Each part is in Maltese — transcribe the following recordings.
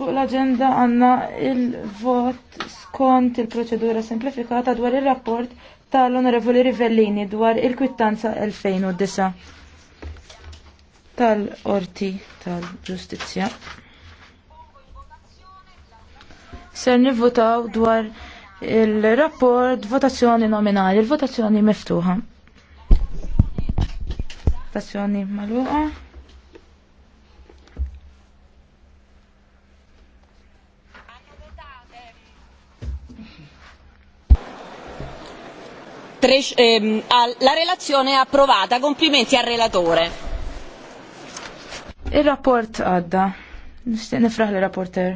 Fuq l-agenda għanna il-vot skont il-proċedura semplifikata dwar il-rapport tal-Onorevoli Rivellini dwar il-kwittanza 2009 tal-Orti tal-Ġustizzja. Ser nivvotaw dwar il-rapport votazzjoni nominali, il-votazzjoni miftuħa. Votazzjoni maluqa. Ehm, la relazione è approvata. Complimenti al relatore. Il-rapport għadda. Nistenne nifraħ l-rapporter.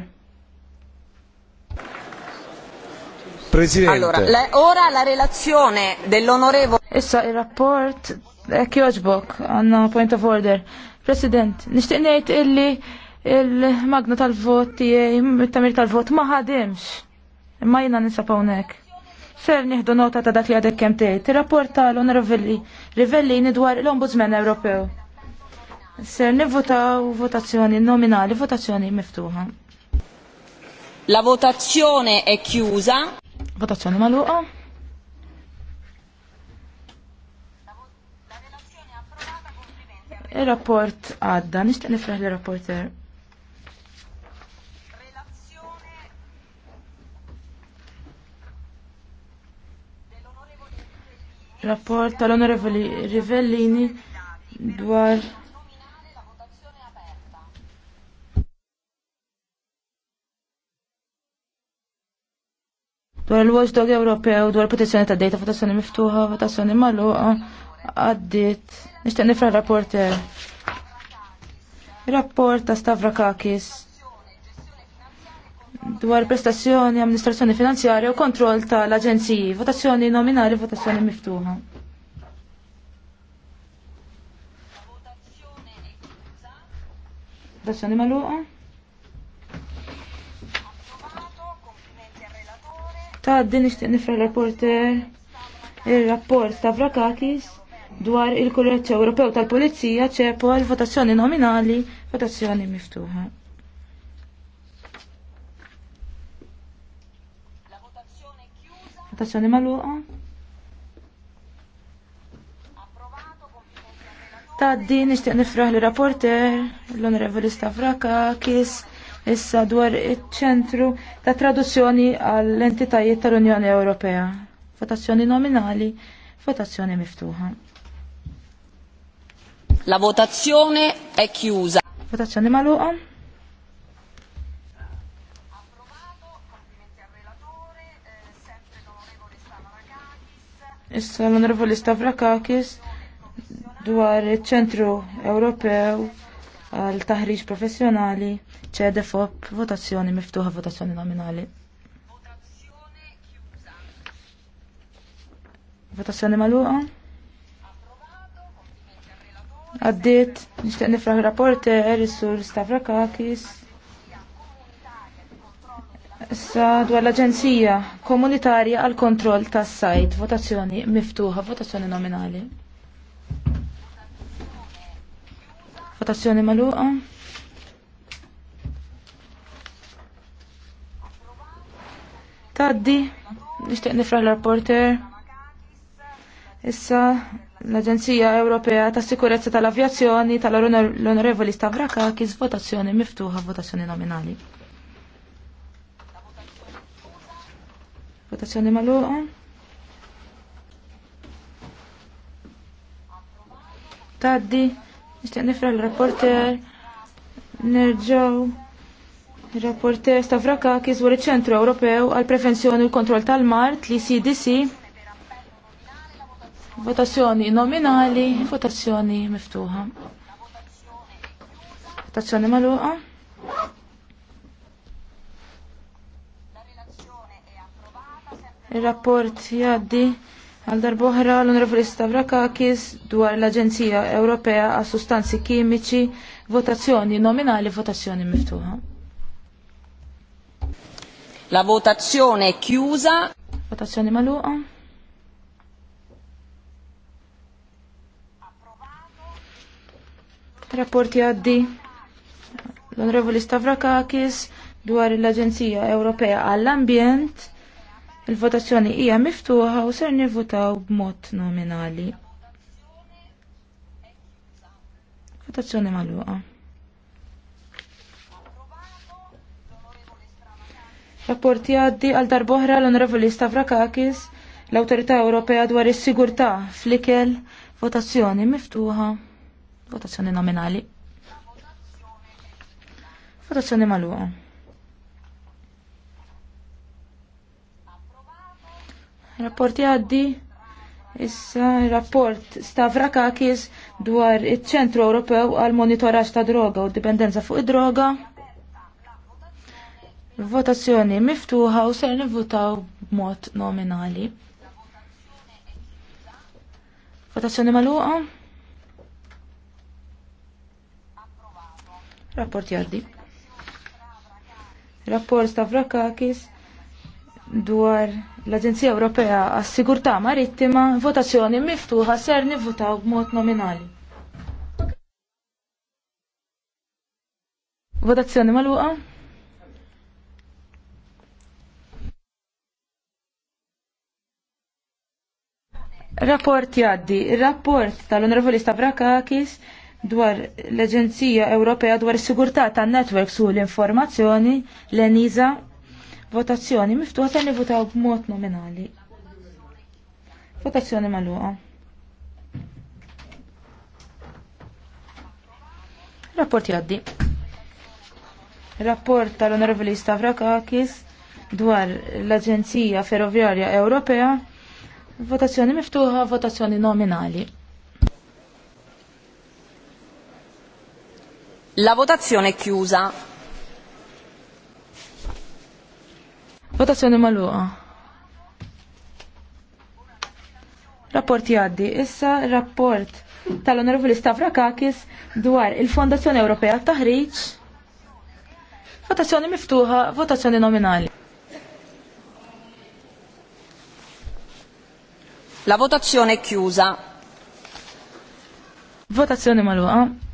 Presidente. Allora, la, ora la relazione dell'onorevole... Issa il-rapport, ek eh, joġbok, għanna point of order. President, nishtiq nejt illi il-magna tal-vot, il-tamir tal-vot ma maħadimx. Ma jina nisa pawnek. Ser nieħdu nota ta' dak li għadek kemm tgħid. Tirrapporta l-Onorevoli Rivellini dwar l-Ombudsman Ewropew. Ser nivvotaw votazzjoni nominali, votazzjoni miftuħa. La votazione è chiusa. Votazzjoni magħluqa. Il-rapport għadda, nishtiq nifraħ li rapporter rapport tal-Onorevoli Rivellini dwar dwar il-Watchdog Ewropew dwar protezzjoni ta' data, votazzjoni miftuħa, votazzjoni magħluqa, għaddit. Nixtieq nifra rapport Rapport ta' Stavrakakis dwar prestazzjoni, amministrazzjoni finanzjarja u kontroll tal-aġenziji. Votazzjoni nominali, votazzjoni miftuħa. Votazzjoni maluqa. Ta' din ixtiq nifra l-rapporter il-rapport ta' Vrakakis dwar il-Kurreċ Ewropew tal-Polizija ċepol votazzjoni nominali, votazzjoni miftuħa. Votazzjoni maluqa. Taddi nixtieq nifraħ li rapporter l-Onorevoli Stavraka kis issa dwar iċ-ċentru ta' traduzzjoni għall entitajiet tal-Unjoni Ewropea. Votazzjoni nominali, votazzjoni miftuħa. La votazzjoni è chiusa. Votazzjoni maluqa. Issa l-Onorevoli dwar iċ-Ċentru Ewropew għal taħriġ professjonali ċedefop votazzjoni miftuħa votazzjoni nominali. Votazzjoni maluqa? Għaddit, nishtiq nifraħ rapporter, il-sur Stavrakakis. Issa dwar l-Aġenzija Komunitarja għal Kontroll tas-Sajt, votazzjoni miftuħa, votazzjoni nominali. Votazzjoni magħluqa. Taddi, nixtieq nifraħ l-rapporter. Issa l-Aġenzija Ewropea tas Sikurezza tal-Avjazzjoni tal-Onorevoli Stavrakakis, votazzjoni miftuħa, votazzjoni nominali. Votazzjoni maluqa. Taddi, nishtiq nifra l-rapporter, nerġaw. Il-rapporter kizwur il ċentru Ewropew għal prevenzjoni u l-kontroll tal-mart li CDC. Votazzjoni nominali, votazzjoni miftuħa. Votazzjoni maluqa. Il-rapport jaddi għal darboħra l-Onorevoli Stavrakakis dwar l-Aġenzija Ewropea għas Sustanzi Kimiċi, votazzjoni nominali, votazzjoni miftuħa. La votazzjoni è chiusa. Votazzjoni maluqa. Rapporti għaddi l-Onorevoli Stavrakakis dwar l-Aġenzija Ewropea għall-Ambjent Il-votazzjoni hija miftuħa u ser nivvutaw b'mod nominali. Votazzjoni magħluqa. Rapporti għaddi għal darboħra l-Onorevoli Stavrakakis l-Awtorità Ewropea dwar is-sigurtà fl-ikel votazzjoni miftuħa, votazzjoni nominali. Votazzjoni magħluqa. Rapporti għaddi. Issa rapport Stavra Kakis dwar iċ-ċentru Ewropew għal monitoraġġ ta' droga u dipendenza fuq id-droga. Votazzjoni miftuħa u ser nivvutaw b'mod nominali. Votazzjoni magħluqa. Rapport jaddi. Rapport Stavra Kakis dwar l-Aġenzija Ewropea għas-Sigurtà Marittima votazzjoni miftuħa ser nivvutaw b'mod nominali. Votazzjoni maluqa? Rapport jaddi, rapport tal-Onorevoli Stavrakakis dwar l-Aġenzija Ewropea dwar is-Sigurtà tan-Networks u l-Informazzjoni l-ENISA Votazzjoni miftuħa se nivutaw b'mod nominali. Votazzjoni magħluqa. Rapport jaddi. Rapport tal-Onorevoli Stavrakakis dwar l-Aġenzija Ferroviarja Ewropea. Votazzjoni miftuħa, votazzjoni nominali. La votazione è chiusa. Votazzjoni maluqa. Rapport jaddi. Issa rapport tal-Onorevoli Kakis dwar il-Fondazzjoni Ewropea taħriġ. Votazzjoni miftuħa, votazzjoni nominali. La votazione è chiusa. Votazione maluqa.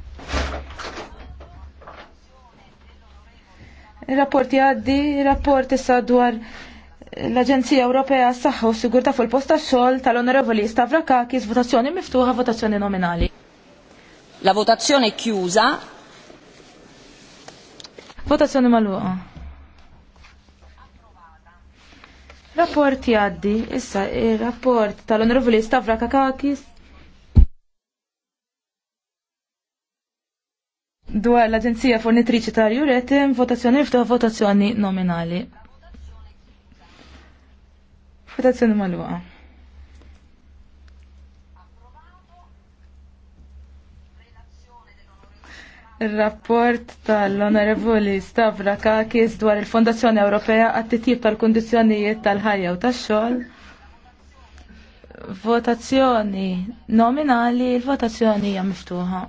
il rapporti jgħaddi, il rapporti issa dwar l-Aġenzija Ewropea s-Saħħa u Sigurta fuq il-posta xogħol tal-Onorevoli Stavrakakis, votazzjoni miftuħa, votazzjoni nominali. La votazzjoni chiusa. Votazzjoni magħluqa. R-Rapporti għaddi, issa il-rapport tal-Onorevoli Stavrakakis dwar l-Aġenzija Fornitriċi ta' Juretim, votazzjoni ftaħ votazzjoni nominali. Votazzjoni maluqa. Il-rapport tal-Onorevoli Stavra Kakis dwar il-Fondazzjoni Ewropea għat tal-kondizjonijiet tal-ħajja u tax-xogħol. Votazzjoni nominali, il-votazzjoni hija miftuħa.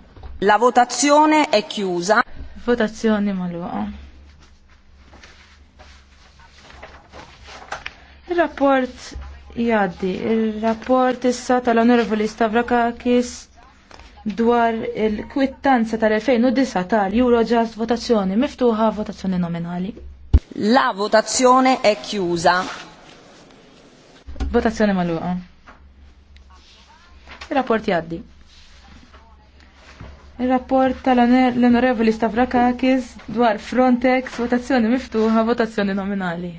La votazione è chiusa. Votazione maluqa. Il-rapport jaddi, il-rapport issa tal-Onorevoli Stavrakakis dwar il-kwittanza tal-2009 tal-Eurojust votazzjoni miftuħa votazzjoni nominali. La votazione è chiusa. Votazione maluqa. Il-rapport jaddi. Il-rapport tal-Onorevoli Stavrakakis dwar Frontex, votazzjoni miftuħa, votazzjoni nominali.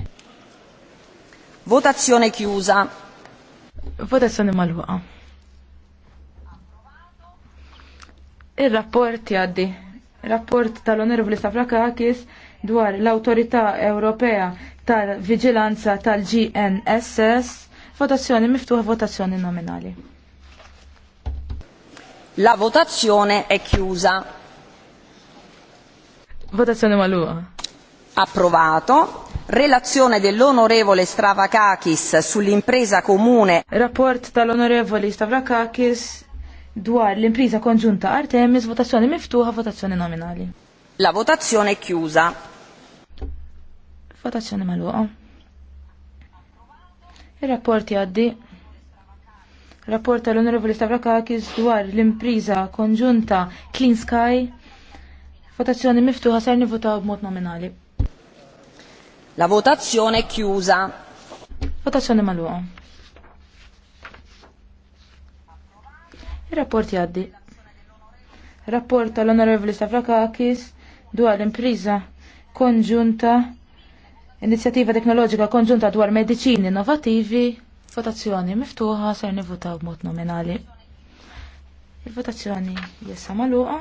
Votazzjoni chiusa. Votazzjoni malwaqa. Il-rapport jaddi. Rapport tal-Onorevoli Stavrakakis dwar l-Autorità Ewropea tal-Vigilanza tal-GNSS, votazzjoni miftuħa, votazzjoni nominali. La votazione è chiusa. Votazione Malua. Approvato. Relazione dell'onorevole Stravakakis sull'impresa comune. Rapport dall'onorevole Stavrakakis dwar l'impresa congiunta Artemis, votazione miftuħa, votazione nominali. La votazione è chiusa. Votazione Malua. Il rapport Addi rapport tal-Onorevoli Stavrakakis dwar l-impriża konġunta Clean Sky. Votazzjoni miftuħa sar nivvotaw b'mod nominali. La votazzjoni chiusa. Votazzjoni magħluqa. Ir-rapport jgħaddi. Rapport tal-Onorevoli Stavrakakis dwar l-impriża konġunta Inizjattiva teknoloġika konġunta dwar medicini innovativi Votazzjoni miftuħa ser nivvutaw b'mod nominali. Il-votazzjoni jessa maluqa.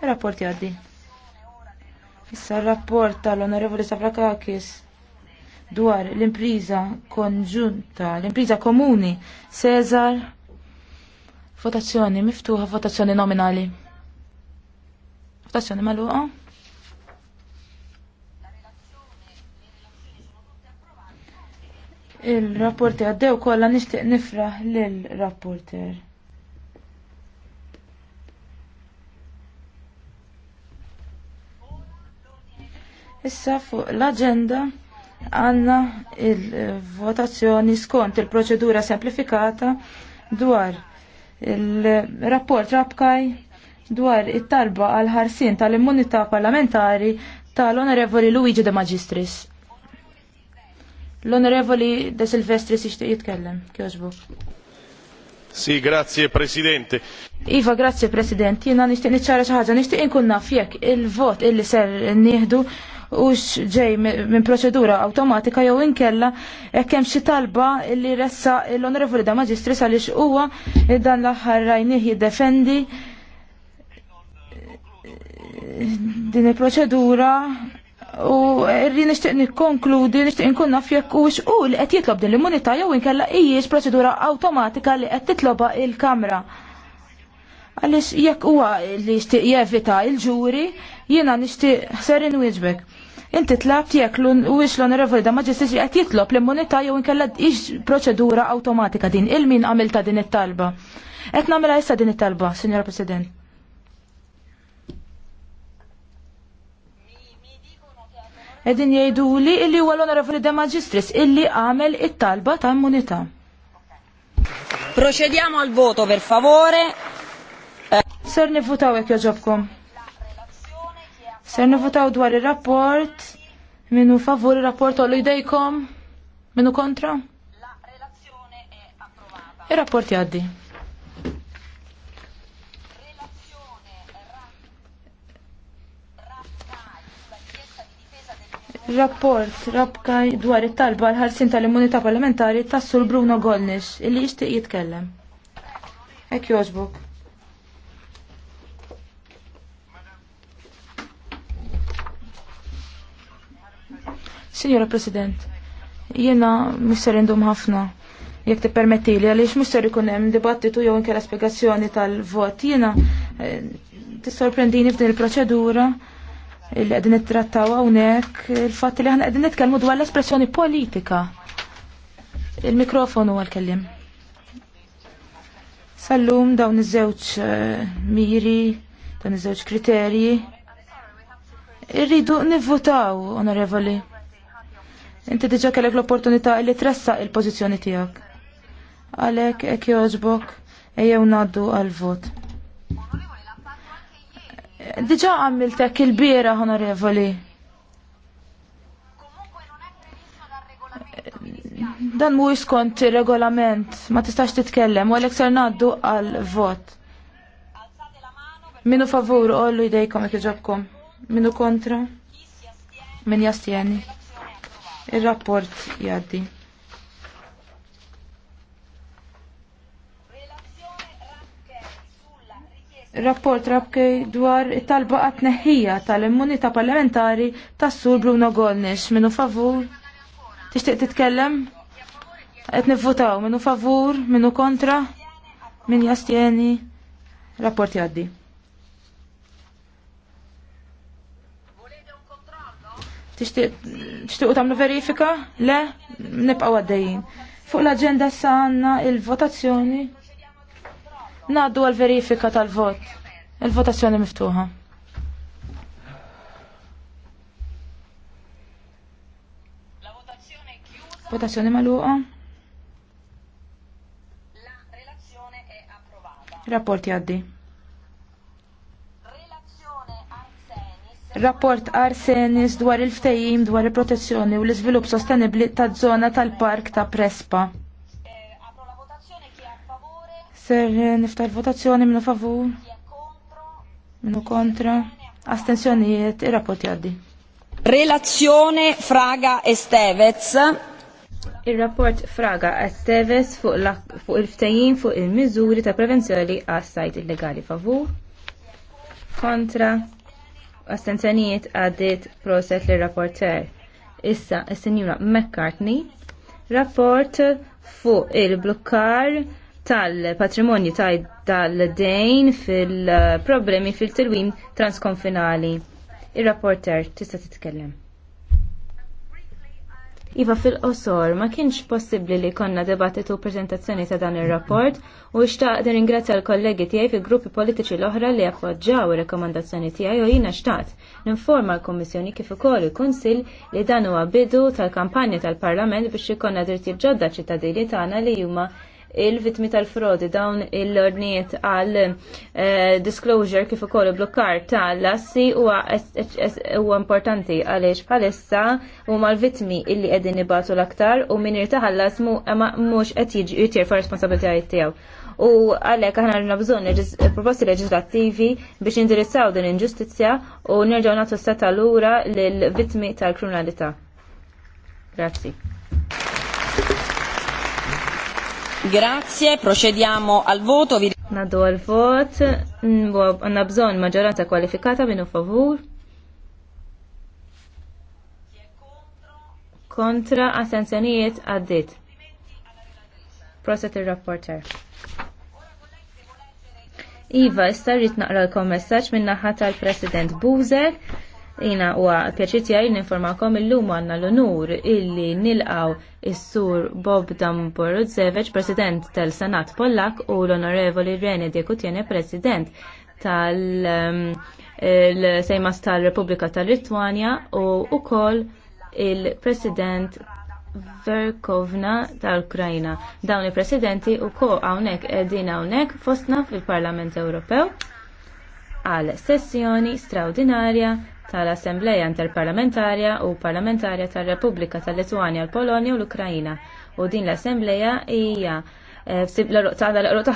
Il-rapport jaddi. Issa il-rapport tal-Onorevoli Savrakakis dwar l-impriża konġunta, l-impriża komuni Cesar. Votazzjoni miftuħa, votazzjoni nominali. Votazzjoni maluqa. Il-rapporti għaddew kollha nixtieq nifraħ lill-rapporter. Issa fuq l-agenda għanna il-votazzjoni skont il-proċedura semplifikata dwar il-rapport rabkaj dwar it-talba għal ħarsin tal-immunità parlamentari tal-Onorevoli Luigi de Magistris. L-Onorevoli De Silvestri si jitkellem, kjożbuk. Sì, grazie Presidente. Iva, grazie President. Jina nishtiq niċċara xi ħaġa, nixtieq inkun naf jekk il-vot illi ser nieħdu ux ġej minn proċedura awtomatika jew inkella kemm xi talba li ressa l-Onorevoli da Maġistri għaliex huwa dan l-aħħar rajnih jiddefendi din il-proċedura U rri nixtieq nikkonkludi nishtiq inkun naf jekk hux u li qed jitlob din l-immunità jew inkella hijiex proċedura awtomatika li qed titloba il-Kamra. Għaliex jekk huwa li jixtieq jevita il-ġuri, jiena nixtieq ser inwieġbek. Inti tlabt jekk wiex l-onorevoli da maġistiġi qed jitlob l-immunità jew inkella hix proċedura awtomatika din il-min għamilta din it-talba. Qed nagħmilha issa din it-talba, Sinjora President. Edin jajdu li illi huwa l-Onorevoli De Magistris illi għamel it-talba ta' immunità. Procediamo al voto, per favore. Ser nifutaw hekk joġobkom. Ser nifutaw dwar ir-rapport minu favur ir-rapport għallu jdejkom minu kontra. Ir-rapport jaddi. Rapport rabka dwar it-talba l-ħarsin tal-immunità parlamentari tas-Sur Bruno Gollnish illi jixtieq jitkellem. Hekk jogħġbok. Signora President, jiena mister indum ħafna jekk tippermetti li għaliex mhux ser ikun hemm dibattitu jew inkella spjegazzjoni tal-vot. Jiena eh, tissorprendini f'din il-proċedura li qegħdin nittrattaw hawnhekk il-fatt li aħna qegħdin nitkellmu dwar l-espressjoni politika. Il-mikrofonu għal-kellim. Sallum dawn iż-żewġ eh, miri, dawn iż-żewġ kriterji. Irridu nivvotaw, onorevoli. Inti diġa kellek l-opportunità li tressa il-pożizzjoni tiegħek. Għalhekk hekk jogħġbok ejjew ngħaddu għal-vot. Diġa għamiltek il-bira, onorevoli. Dan mu skont regolament, ma tistax titkellem, u għalek ser naddu għal vot. Minu favur, ollu jdejkom jek iġobkom. Minu kontra, min jastjeni. Il-rapport jaddi. rapport rabkej dwar it-talba għat tal-immunità parlamentari tas-sur Bruno Gollnish. Minu favur? Tixtieq titkellem? Qed nivvutaw minu favur, minu kontra, min jastjeni. Rapport jgħaddi. Tishtiq tamlu verifika? Le, nibqaw għaddejjin. Fuq l-agenda sanna il-votazzjoni Naddu għal verifika tal-vot. Il-votazzjoni miftuħa. Votazzjoni maluqa. Rapport jaddi. Rapport Arsenis dwar il-ftejim dwar il-protezzjoni u l izvilup sostenibli ta' zona tal-park ta' Prespa. Ser niftar votazzjoni minnu favur, minnu kontra, astensjonijiet, il-rapport jaddi. Relazzjone Fraga Estevez. Il-rapport Fraga Estevez fuq, fuq il-ftajin fuq il-miżuri ta' prevenzjoni għas sajt illegali favur, kontra, Astenzjonijiet għaddit proset l-rapporter. Issa, il-senjura McCartney, rapport fuq il-blokkar tal-patrimonju tal-dejn fil-problemi fil tilwin transkonfinali. Ir-rapporter tista' titkellem. Iva fil-qosor, ma kienx possibli li konna debattitu prezentazzjoni ta' dan ir-rapport u ixtaq din ringrazzja l-kollegi tiegħi fil-gruppi politiċi l-oħra li appoġġaw ir-rekomandazzjoni tiegħi u jiena xtaqt ninforma l-Kummissjoni kif ukoll il-Kunsill li dan huwa bidu tal-kampanja tal-Parlament biex ikonna drittijiet ġodda ċittadini tagħna li huma il-vitmi tal-frodi dawn il-ordnijiet għal eh, disclosure kif ukoll blokkar tal-lassi huwa importanti għaliex bħalissa huma l-vitmi illi qegħdin nibatu l-aktar u min irtaħallas mhux qed jiġi jitirfa responsabilitajiet tiegħu u għalek aħna għanna bżon proposti leġislattivi biex indirizzaw din inġustizja u nerġaw natu seta l-ura l-vitmi tal-kriminalità. Grazzi. Grazie, procediamo al voto. Naddu għal vot, mm, għanna bżon maġġoranza kwalifikata minu favur. Kontra assenzjonijiet għaddit. Proset il-rapporter. Iva, issa naqra l-kommessaċ minna ħata l-President Buzek Ina, u n-informakom il illum għandna l-onur illi nilqaw il sur Bob Zeveċ, President tal-Senat Pollak u l-Onorevoli Rene Dekutjene, President tal-Sejmas um, tal-Repubblika tal-Litwanja u ukoll il-President Verkovna tal ukrajina Dawn il-Presidenti u ko hawnhekk qegħdin hawnhekk fostna fil-Parlament Ewropew għal sessjoni straordinarja tal-Assembleja Interparlamentarja u Parlamentarja tal-Repubblika tal-Litwanja, l-Polonja u l-Ukrajina. U din l-Assembleja hija eh, l-eruq